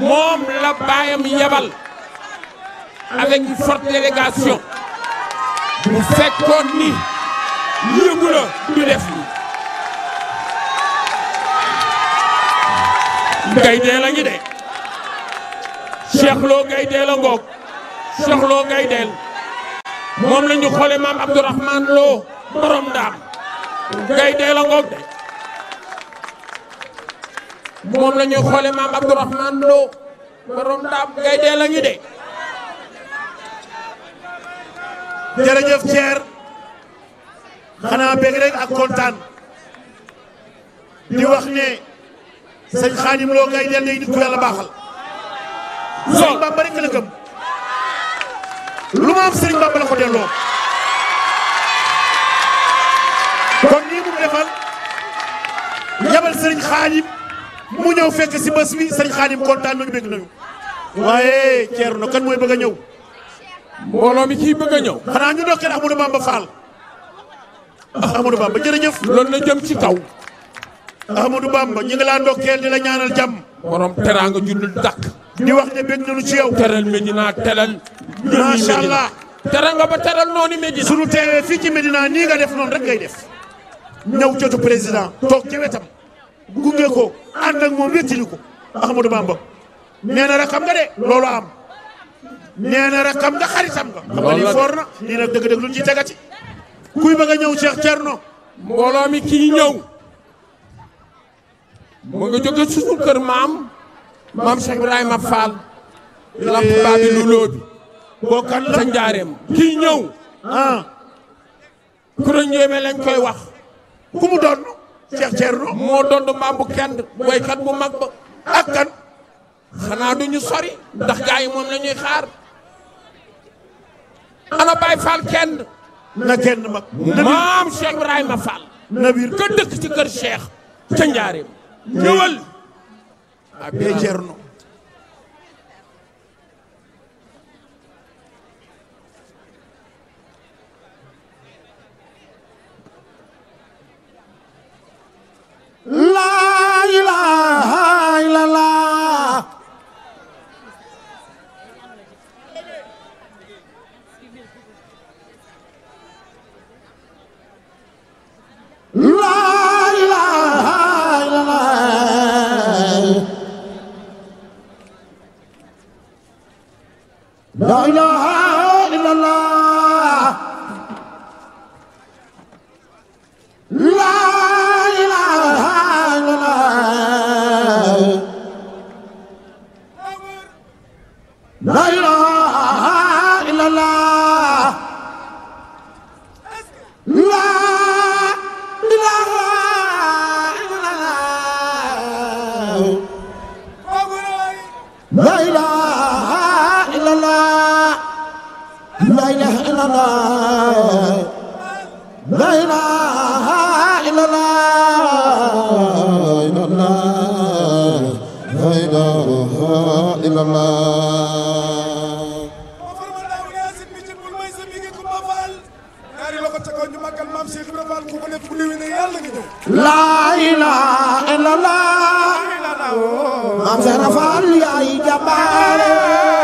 moom la baayam yebal avec une forte délégation bu fekkoon ni yëngu la du def gaydee la ngi de Cheikh Lo gaydee la ngoog Cheikh gaydeel moom la xoole maam Abdourahmane Lo ndaam gaydee la ngoog moom la ñuy xoole maam Abdourahmane Lo borom daam gaydee la ngi de jërëjëf Thier xanaa bëgg rek ak kontaan di wax ne sëñ Xaadim Lo gaydee léegi nit ku yàlla baaxal sëñ Bamba rek lu ma am sëriñ Bamba la ko delloo kon nii mu defal yabal sëriñ Xaadim mu ñëw fekk si bés bi sëñ Xaadim kontaan nañu bëgg nañu waaye Ceerno kan mooy bëgg a ñëw. mbooloo mi ciy bëgg a ñëw. xanaa ñu dokkee Amadou Bamba Fall. Ah, Amadou Bamba jërëjëf. loolu na jëm ci kaw. Amadou Bamba ñu ngi laa ndokkeel di la ñaanal jàmm. borom teraanga jullul dàq. di wax ne bëgg nañu ci yow. teral Medina teral. macha allah ba teral noonu Medina. sunu teewee fii ci Medina nii nga def noonu rek ngay def. ñëw jotu président toog ci wetam. gunge ko ànd ak moom wéttili ko Ahmadou Bamba nee na rakam nga de loolu am nee na rakam nga xaritam nga xam foor na lii nag dëgg-dëgg lu ñu ci tegati kuy bëgg a ñëw Cheikh Thierno mbooloo mi kii ñëw mu maam maam Cheikh Ibrahima Fall lamp baa boo kan la sa njaareem kii ñëw ah kuréel koy wax ku doon Cheikh Thierno moo doon mbaam bu kenn waykat bu mag ba ak xanaa du ñu sori ndax gaa yi moom la ñuy xaar ana Baye Fall kenn na kenn mag maam Cheikh Ibrahima Fall nabir ka dëkk ci kër Cheikh ca njaareem ñëwal a Thierno la ilaha illallah ba ca kaw ñu màggal maam Cheikh Ibra Fall ku ko def bu laa ilaaha illallaah maam Cheikh Ibra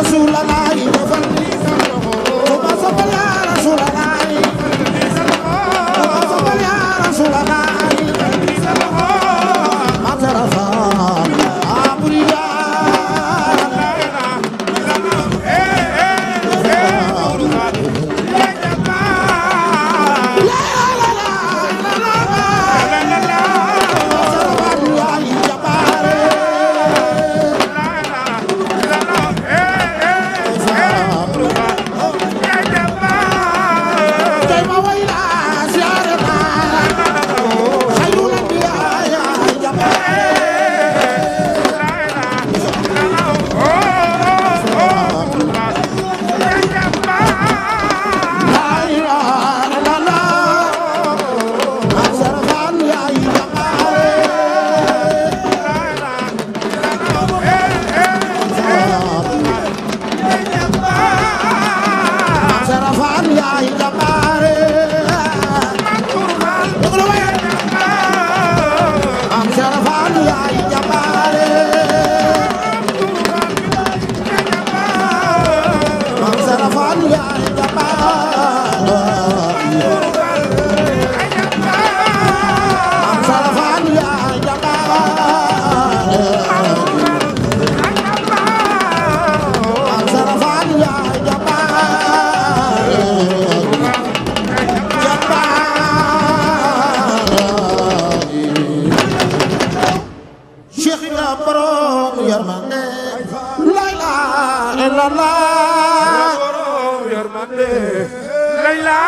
رسول الله illallah borom yërmande la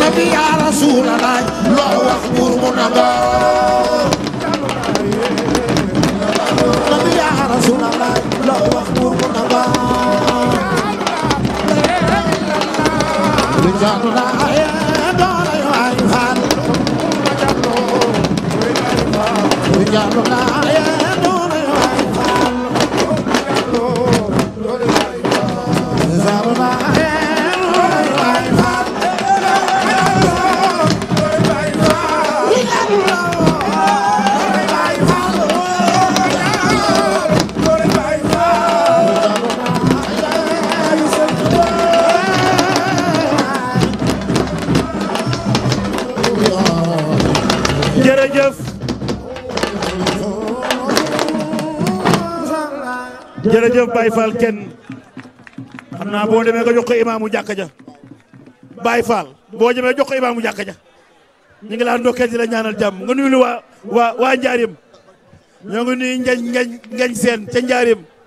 nabi ya rasulallah loo wax buur mu nangoo nabi ya rasulallah loo wax buur mu nangoo rijaanu la ay doole waay faal rijaanu la jërëjëf jërëjëf Baye Fall kenn xam naa boo demee nga jox ko imaamu jàkka ja Baye Fall boo demee jox ko imaamu jàkka ja ñu ngi laa ndokkee di la ñaanal jàmm nga nuyu waa waa waa Njaarim ñoo ngi nuyu Njañ Njañ seen ca Njaarim